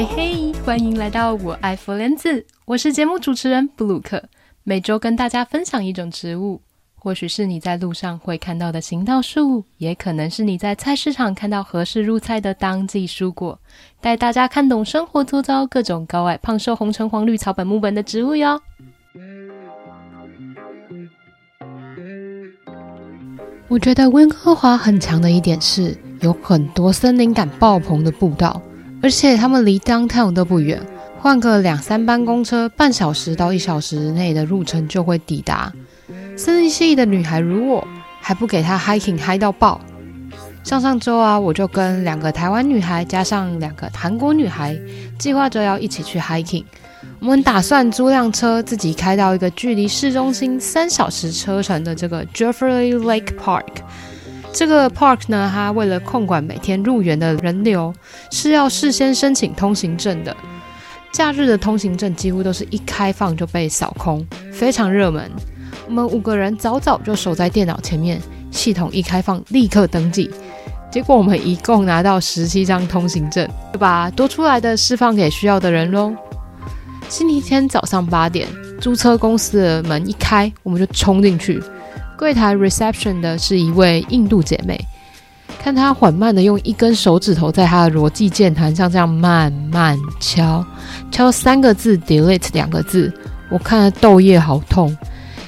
嘿，嘿，hey, hey, 歡迎來到我愛芙蓮子，我是節目主持人布魯克，每周跟大家分享一種植物，或許是你在路上會看到的行道樹，也可能是你在菜市場看到合適入菜的當季蔬果，帶大家看懂生活周遭各種高矮、胖瘦、紅橙黃綠草本木本的植物喲。我覺得溫哥華很強的一點是有很多森林感爆棚的步道。而且他們離 downtown 都不遠，換個兩三班公車，半小時到一小時內的路程就會抵達。森林系的女孩如我，還不給她 hiking high 到爆。上上周啊，我就跟兩個台灣女孩加上兩個韓國女孩，計劃着要一起去 hiking。我們打算租輛車，自己開到一個距離市中心三小時車程的這個 Joffre Lake Park。這個 park 呢，它為了控管每天入園的人流，是要事先申請通行證的。假日的通行證幾乎都是一開放就被掃空，非常熱門。我們五個人早早就守在電腦前面，系統一開放立刻登記。結果我們一共拿到十七張通行證，就把多出來的釋放給需要的人嘍。星期天早上八點，租車公司的門一開，我們就衝進去。櫃檯 reception 的是一位印度姐妹，看她緩慢地用一根手指頭在她的羅技鍵盤上這樣慢慢敲敲三個字 delete 兩個字，我看了豆葉好痛，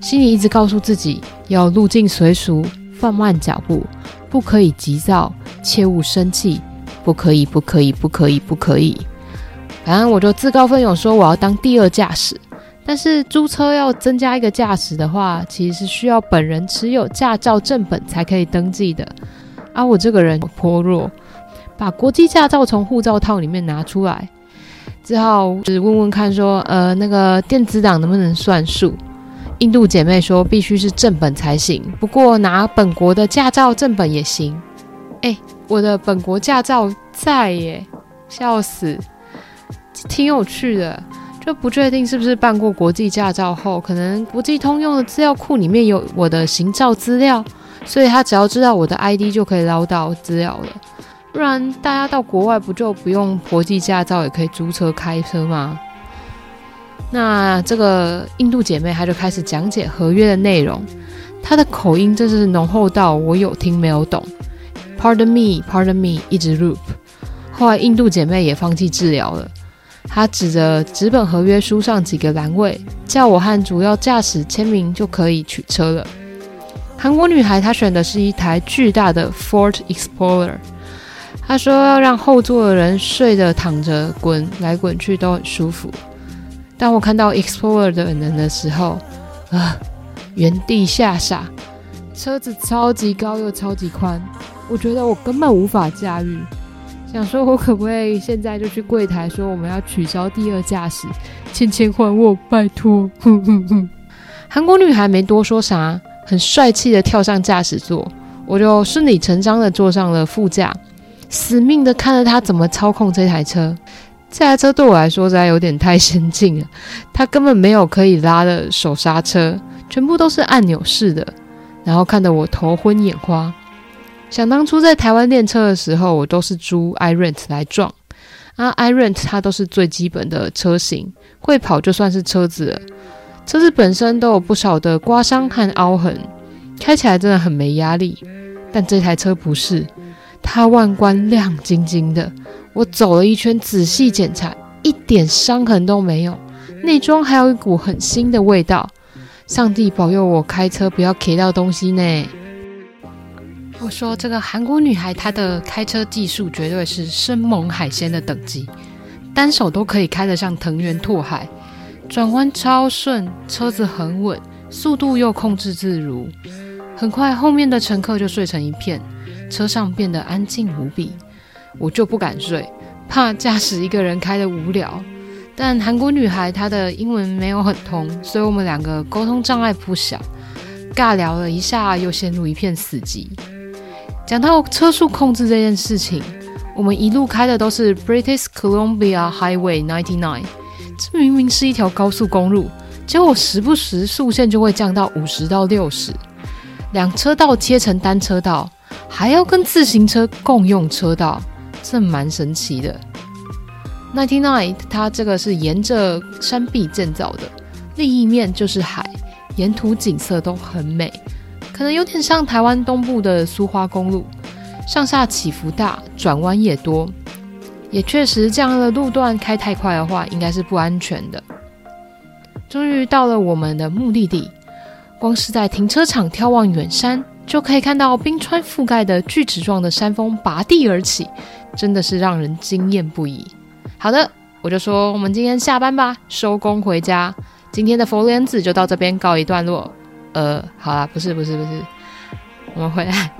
心裡一直告訴自己要入境隨俗，放慢腳步，不可以急躁，切勿生氣，不可以，不可以，不可以，不可以。反正我就自告奮勇說我要當第二駕駛。但是租車要增加一個駕駛的話，其實是需要本人持有駕照正本才可以登記的。啊，我這個人頗弱，把國際駕照從護照套裡面拿出來，之後只問問看說，呃，那個電子檔能不能算數？印度姐妹說必須是正本才行，不過拿本國的駕照正本也行。哎，我的本國駕照在耶，笑死，挺有趣的。就不確定是不是辦過國際駕照後，可能國際通用的資料庫裡面有我的行照資料，所以他只要知道我的 ID 就可以撈到資料了。不然大家到國外不就不用國際駕照也可以租車開車嗎？那這個印度姐妹她就開始講解合約的內容，她的口音真是濃厚到我有聽沒有懂。Pardon me, pardon me，一直 loop。後來印度姐妹也放棄治療了。他指着紙本合約書上幾個欄位，叫我和主要駕駛簽名就可以取車了。韓國女孩她選的是一台巨大的 Ford Explorer，她說要讓後座的人睡着躺着滾來滾去都很舒服。當我看到 Explorer 的人，人的時候，啊、呃，原地嚇傻，車子超級高又超級寬，我覺得我根本無法駕馭。想說，我可不可以現在就去櫃檯說我們要取消第二駕駛？錢錢還我，拜托！呵呵呵。韓國女孩沒多說啥，很帥氣的跳上駕駛座，我就順理成章的坐上了副駕，死命的看着她怎麼操控這台車。這台車對我來說真的有點太先進了，它根本沒有可以拉的手剎車，全部都是按鈕式的，然後看得我頭昏眼花。想當初在台灣練車的時候，我都是租 iRent 來撞。啊，iRent 它都是最基本的車型，會跑就算是車子了。車子本身都有不少的刮傷和凹痕，開起來真的很沒壓力。但這台車不是，它外觀亮晶晶的。我走了一圈，仔細檢查，一點傷痕都沒有。內裝還有一股很新的味道。上帝保佑我開車不要 K 到東西呢。我說：“這個韓國女孩，她的開車技術絕對是生猛海鮮的等級，單手都可以開得像藤原拓海，轉彎超順，車子很穩，速度又控制自如。很快，後面的乘客就睡成一片，車上變得安靜無比。我就不敢睡，怕駕駛一個人開得無聊。但韓國女孩她的英文沒有很通，所以我們兩個溝通障礙不小，尬聊了一下，又陷入一片死寂。”講到車速控制這件事情，我們一路開的都是 British Columbia Highway 99，這明明是一條高速公路，結果時不時速限就會降到五十到六十，兩車道切成單車道，還要跟自行車共用車道，這蠻神奇的。99，它這個是沿着山壁建造的，另一面就是海，沿途景色都很美。可能有點像台灣東部的蘇花公路，上下起伏大，轉彎也多，也確實這樣的路段開太快的話，應該是不安全的。終於到了我們的目的地，光是在停車場眺望遠山，就可以看到冰川覆蓋的鋸齒狀的山峰拔地而起，真的是讓人驚艷不已。好的，我就說我們今天下班吧，收工回家。今天的佛蓮子就到這邊告一段落。呃，好啦，不是不是不是，我們回來。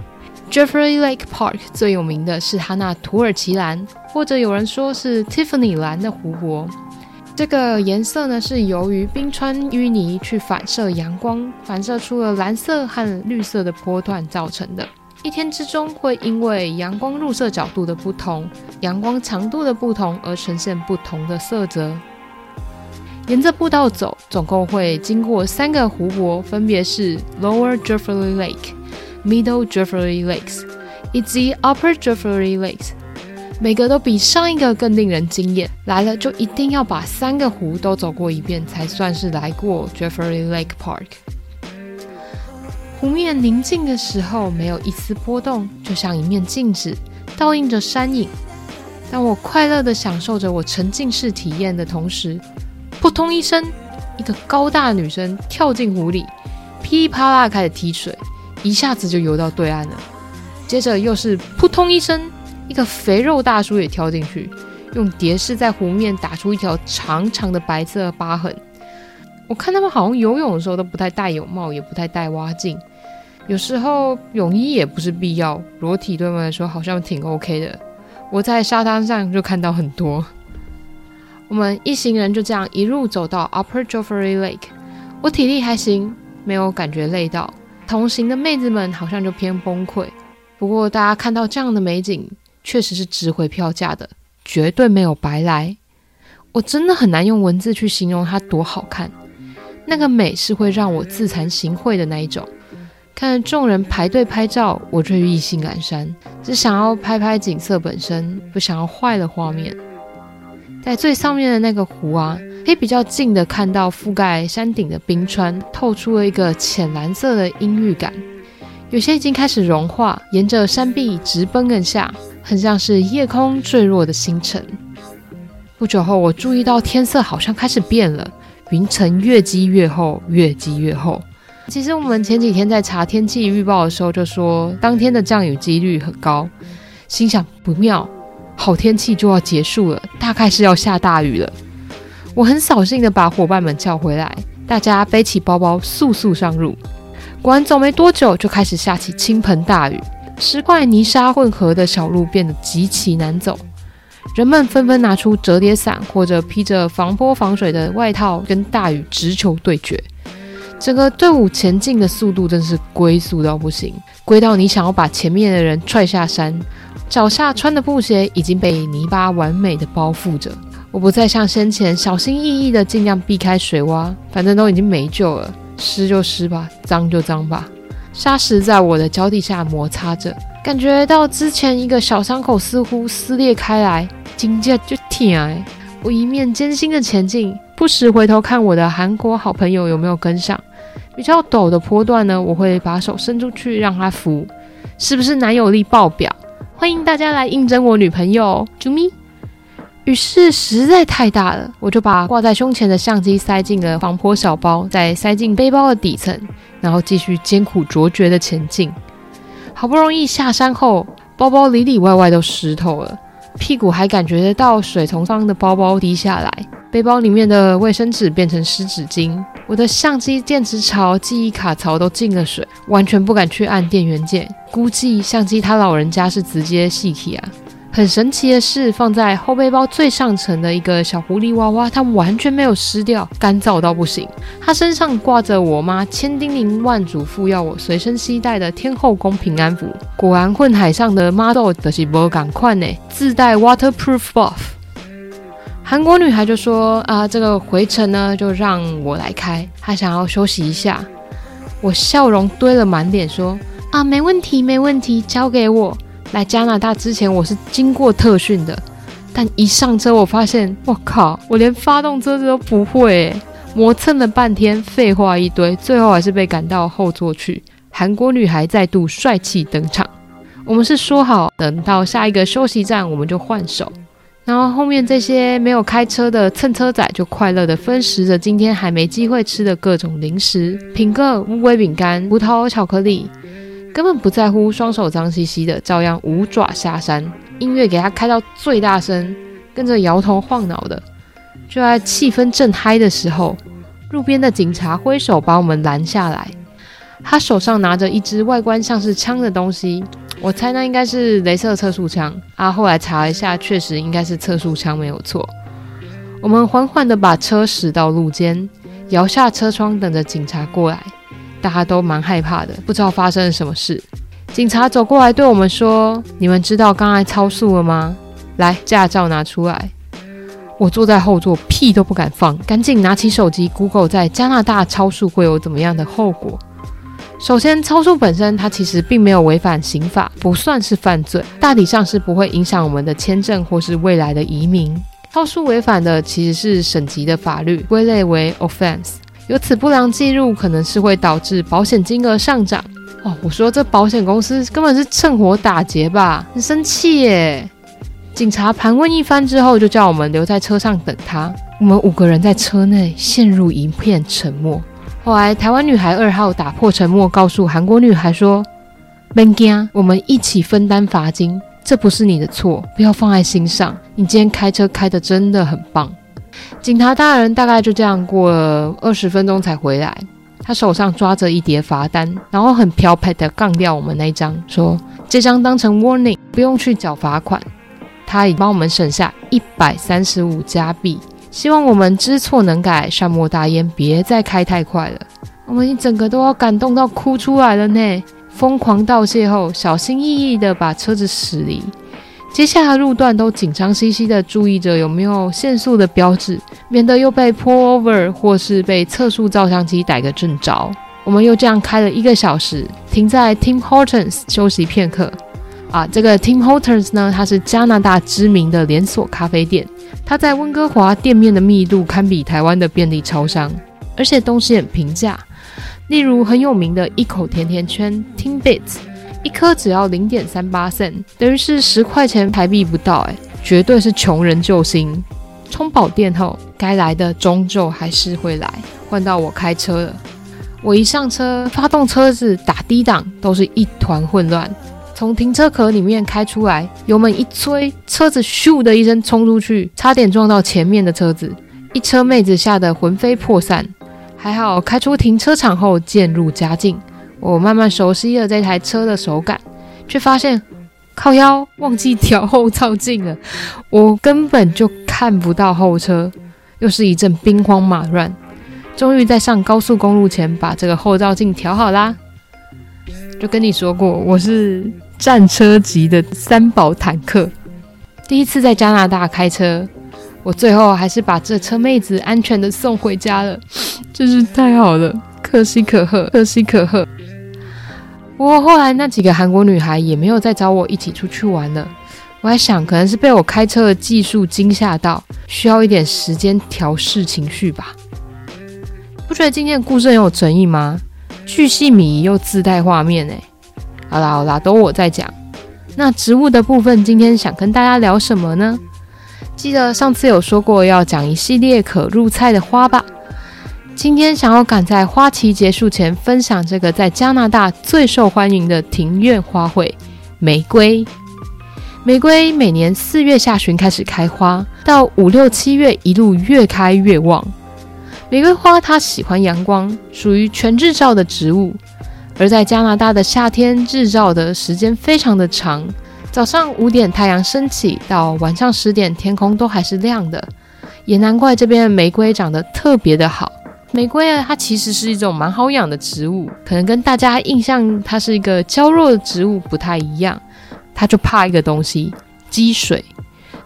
Joffre Lake Park 最有名的是它那土耳其藍，或者有人說是 Tiffany 藍的湖泊。這個顏色呢，是由於冰川淤泥去反射陽光，反射出了藍色和綠色的波段造成的。一天之中，會因為陽光入射角度的不同、陽光強度的不同而呈現不同的色澤。沿着步道走，總共會經過三個湖泊，分別是 Lower Joffre Lake、Middle Joffre Lakes 以及 Upper Joffre Lakes，每個都比上一個更令人驚艷。來了就一定要把三個湖都走過一遍，才算是來過 Joffre Lake Park。湖面寧靜的時候，沒有一絲波動，就像一面鏡子，倒映着山影。當我快樂的享受着我沉浸式體驗的同時，撲通一聲，一個高大的女生跳進湖裡，噼里啪啦開始踢水，一下子就游到對岸了。接着又是撲通一聲，一個肥肉大叔也跳進去，用蝶式在湖面打出一條長長的白色疤痕。我看他們好像游泳的時候都不太戴泳帽，也不太戴蛙鏡，有時候泳衣也不是必要，裸體對他們來說好像挺 OK 的。我在沙灘上就看到很多。我們一行人就這樣一路走到 Upper Joffre Lake，我體力還行，沒有感覺累到。同行的妹子們好像就偏崩潰。不過大家看到這樣的美景，確實是值回票價的，絕對沒有白來。我真的很難用文字去形容它多好看，那個美是會讓我自慚形穢的那一種。看着眾人排隊拍照，我卻意興闌珊，只想要拍拍景色本身，不想要壞了畫面。在最上面的那個湖啊，可以比較近的看到覆蓋山頂的冰川，透出了一個淺藍色的陰鬱感。有些已經開始融化，沿着山壁直奔而下，很像是夜空墜落的星辰。不久後，我注意到天色好像開始變了，雲層越積越厚，越積越厚。其實我們前幾天在查天氣預報的時候就說，當天的降雨幾率很高，心想不妙。好天氣就要結束了，大概是要下大雨了。我很掃興的把夥伴們叫回來，大家背起包包，速速上路。果然走沒多久，就開始下起傾盆大雨，石塊泥沙混合的小路變得極其難走。人們紛紛拿出折疊傘或者披着防潑防水的外套，跟大雨直球對決。整個隊伍前進的速度真是龜速到不行，龜到你想要把前面的人踹下山。腳下穿的布鞋已經被泥巴完美的包覆着，我不再像先前小心翼翼的盡量避開水窪，反正都已經沒救了，濕就濕吧，髒就髒吧。沙石在我的腳底下摩擦着，感覺到之前一個小傷口似乎撕裂開來，緊接就疼。我一面艱辛的前進，不時回頭看我的韓國好朋友有沒有跟上。比較陡的坡段呢，我會把手伸出去讓他扶，是不是男友力爆表？歡迎大家來應徵我女朋友啾咪。雨勢實在太大了，我就把掛在胸前的相機塞進了防潑小包，再塞進背包的底層，然後繼續艱苦卓絕的前進。好不容易下山後，包包裡裡外外都濕透了。屁股還感覺到水從上方的包包滴下來，背包裡面的衛生紙變成濕紙巾，我的相機電池槽、記憶卡槽都進了水，完全不敢去按電源鍵，估計相機他老人家是直接細體啊。很神奇的是，放在後背包最上層的一個小狐狸娃娃，它完全沒有濕掉，乾燥到不行。它身上掛着我媽千叮嚀萬囑咐要我隨身攜帶的天後宮平安符，果然混海上的媽豆都是不敢看呢。自帶 waterproof buff。韓國女孩就說啊，這個回程呢就讓我來開，她想要休息一下。我笑容堆了滿臉說啊，沒問題，沒問題，交給我。來加拿大之前，我是經過特訓的，但一上車，我發現，我靠，我連發動車子都不會，磨蹭了半天，廢話一堆，最後還是被趕到後座去。韓國女孩再度帥氣登場。我們是說好，等到下一個休息站，我們就換手。然後後面這些沒有開車的蹭車仔，就快樂的分食着今天還沒機會吃的各種零食，品個烏龜餅乾、葡萄巧克力。根本不在乎，雙手髒兮兮的，照樣五爪下山。音樂給他開到最大聲，跟着搖頭晃腦的。就在氣氛正嗨的時候，路邊的警察揮手把我們攔下來。他手上拿着一支外觀像是槍的東西，我猜那應該是鐳射測速槍啊。後來查了一下，確實應該是測速槍沒有錯。我們緩緩的把車駛到路肩，搖下車窗，等着警察過來。大家都蠻害怕的，不知道發生了什麼事。警察走過來對我們說：“你們知道剛才超速了嗎？來，駕照拿出來。”我坐在後座，屁都不敢放，趕緊拿起手機，Google 在加拿大超速會有怎麼樣的後果？首先，超速本身它其實並沒有違反刑法，不算是犯罪，大體上是不會影響我們的簽證或是未來的移民。超速違反的其實是省級的法律，歸類為 offense。由此不良記錄，可能是會導致保險金額上漲哦。我說這保險公司根本是趁火打劫吧，很生氣耶。警察盤問一番之後，就叫我們留在車上等他。我們五個人在車內陷入一片沉默。後來台灣女孩二號打破沉默，告訴韓國女孩說：「Bengia，我們一起分擔罰金，這不是你的錯，不要放在心上。你今天開車開得真的很棒。”警察大人大概就這樣過了二十分鐘才回來，他手上抓着一疊罰單，然後很漂亮的槓掉我們那一張，說這張當成 warning，不用去繳罰款。他已幫我們省下一百三十五加幣，b, 希望我們知錯能改，善莫大焉，別再開太快了。我們一整個都要感動到哭出來了呢，瘋狂道謝後，小心翼翼的把車子駛離。接下來的路段都緊張兮兮地注意着有沒有限速的標誌，免得又被 pull over 或是被測速照相機逮個正着。我們又這樣開了一個小時，停在 Tim Hortons 休息片刻。啊，這個 Tim Hortons 呢，它是加拿大知名的連鎖咖啡店，它在溫哥華店面的密度堪比台灣的便利超商，而且東西很平價。例如很有名的一口甜甜圈 Timbits。Timbits，一顆只要零點三八，等於是十塊錢台幣不到，欸，哎，絕對是窮人救星。充飽電後，該來的終究還是會來。換到我開車了，我一上車，發動車子，打低檔，都是一團混亂。從停車殼裡面開出來，油門一催，車子咻的一聲衝出去，差點撞到前面的車子，一車妹子嚇得魂飛魄散。還好開出停車場後，漸入佳境。我慢慢熟悉了這台車的手感，卻發現靠腰忘記調後照鏡了，我根本就看不到後車，又是一陣兵荒馬亂。終於在上高速公路前把這個後照鏡調好啦。就跟你說過，我是戰車級的三寶坦克。第一次在加拿大開車，我最後還是把這車妹子安全地送回家了，真是太好了，可喜可賀，可喜可賀。不過後來那幾個韓國女孩也沒有再找我一起出去玩了。我還想，可能是被我開車的技術驚嚇到，需要一點時間調試情緒吧。不覺得今天的故事很有誠意嗎？巨細靡遺又自帶畫面誒、欸、好啦好啦，都我在講。那植物的部分，今天想跟大家聊什麼呢？記得上次有說過要講一系列可入菜的花吧。今天想要趕在花期結束前分享這個在加拿大最受歡迎的庭院花卉——玫瑰。玫瑰每年四月下旬開始開花，到五六七月一路越開越旺。玫瑰花它喜歡陽光，屬於全日照的植物。而在加拿大的夏天，日照的時間非常的長，早上五點太陽升起，到晚上十點天空都還是亮的，也難怪這邊的玫瑰長得特別的好。玫瑰啊，它其實是一種蠻好養的植物，可能跟大家印象它是一個嬌弱的植物不太一樣，它就怕一個東西，積水。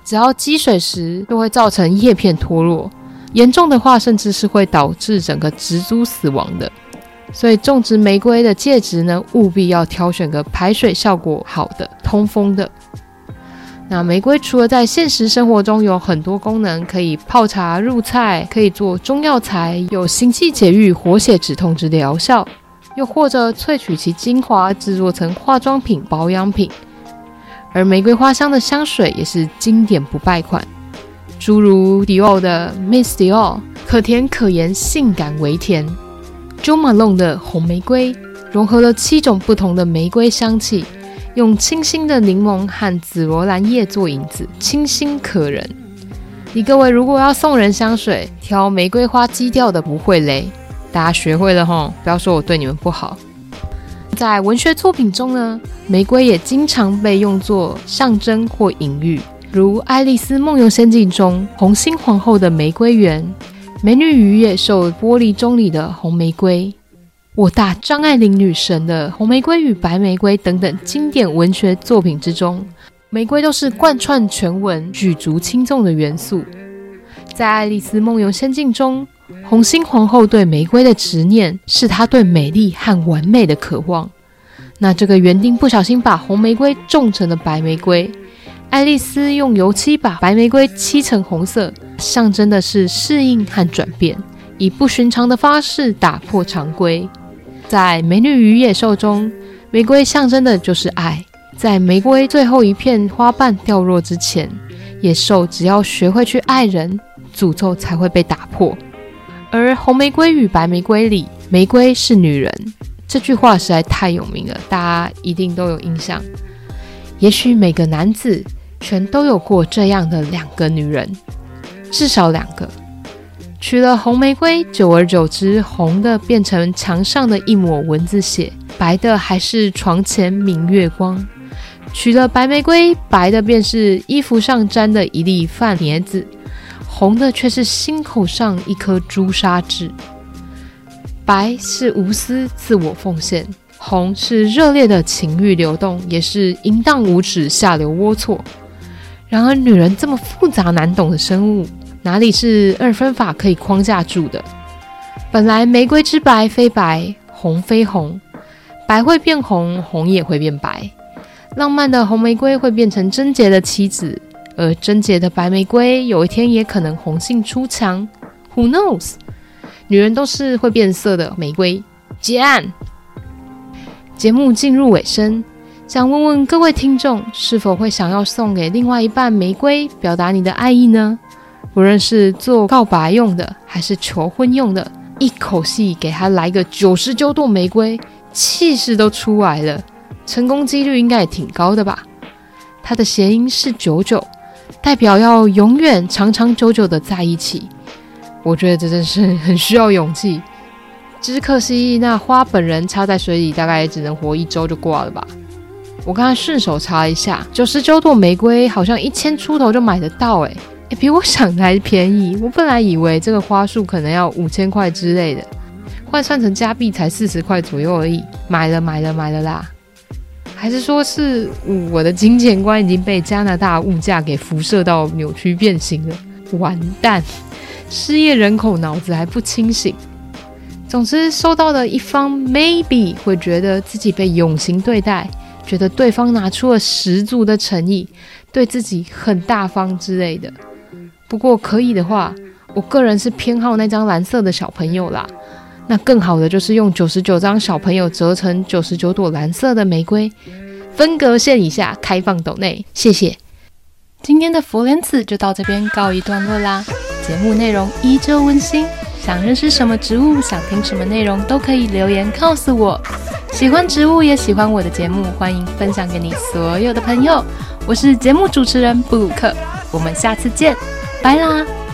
只要積水時，就會造成葉片脫落，嚴重的話，甚至是會導致整個植株死亡的。所以種植玫瑰的介質呢，務必要挑選個排水效果好的、通風的。那玫瑰除了在現實生活中有很多功能，可以泡茶、入菜，可以做中藥材，有行氣解鬱、活血止痛之療效，又或者萃取其精華製作成化妝品、保養品，而玫瑰花香的香水也是經典不敗款，諸如迪奧的 Miss Dior，可甜可鹽，性感微甜；Jo Malone、um、的紅玫瑰，融合了七種不同的玫瑰香氣。用清新的檸檬和紫羅蘭葉做引子，清新可人。你各位如果要送人香水，挑玫瑰花基調的不會雷。大家學會了吼，不要說我對你們不好。在文學作品中呢，玫瑰也經常被用作象徵或隱喻，如《愛麗絲夢遊仙境》中紅心皇後的玫瑰園，《美女與野獸》玻璃鐘裡的紅玫瑰。我大張愛玲女神的《紅玫瑰與白玫瑰》等等經典文學作品之中，玫瑰都是貫穿全文舉足輕重的元素。在《愛麗絲夢遊仙境》中，紅心皇後對玫瑰的執念，是她對美麗和完美的渴望。那這個園丁不小心把紅玫瑰種成了白玫瑰，愛麗絲用油漆把白玫瑰漆成紅色，象徵的是適應和轉變，以不尋常的方式打破常規。在《美女與野獸》中，玫瑰象徵的就是愛。在玫瑰最後一片花瓣掉落之前，野獸只要學會去愛人，詛咒才會被打破。而《紅玫瑰與白玫瑰》裡，“玫瑰是女人”這句話實在太有名了，大家一定都有印象。也許每個男子全都有過這樣的兩個女人，至少兩個。娶了紅玫瑰，久而久之，紅的變成牆上的一抹蚊子血，白的還是床前明月光。娶了白玫瑰，白的便是衣服上沾的一粒飯粘子，紅的卻是心口上一顆朱砂痣。白是無私自我奉獻，紅是熱烈的情慾流動，也是淫蕩無恥下流齷齪。然而，女人這麼複雜難懂的生物。哪裡是二分法可以框架住的？本來玫瑰之白非白，紅非紅，白會變紅，紅也會變白。浪漫的紅玫瑰會變成貞潔的妻子，而貞潔的白玫瑰有一天也可能紅杏出牆。Who knows？女人都是會變色的玫瑰。結案。節目進入尾聲，想問問各位聽眾，是否會想要送給另外一半玫瑰，表達你的愛意呢？不論是做告白用的還是求婚用的，一口氣給他來個九十九朵玫瑰，氣勢都出來了，成功幾率應該也挺高的吧？它的諧音是久久，代表要永遠長長久久的在一起。我覺得這真是很需要勇氣。只是可惜，那花本人插在水裡，大概也只能活一周就掛了吧。我剛才順手查一下，九十九朵玫瑰好像一千出頭就買得到，欸，哎。哎，比我想的還便宜。我本來以為這個花束可能要五千塊之類的，換算成加幣才四十塊左右而已。買了，買了，買了啦！還是說是我的金錢觀已經被加拿大物價給輻射到扭曲變形了？完蛋，失業人口腦子還不清醒。總之，收到的一方 maybe 會覺得自己被用心對待，覺得對方拿出了十足的誠意，對自己很大方之類的。不過可以的話，我個人是偏好那張藍色的小朋友啦。那更好的就是用九十九張小朋友折成九十九朵藍色的玫瑰，分隔線以下開放斗內，謝謝。今天的佛蓮子就到這邊告一段落啦。節目內容依舊溫馨，想認識什麼植物，想聽什麼內容都可以留言告訴我。喜歡植物也喜歡我的節目，歡迎分享給你所有的朋友。我是節目主持人布魯克，我們下次見。來啦！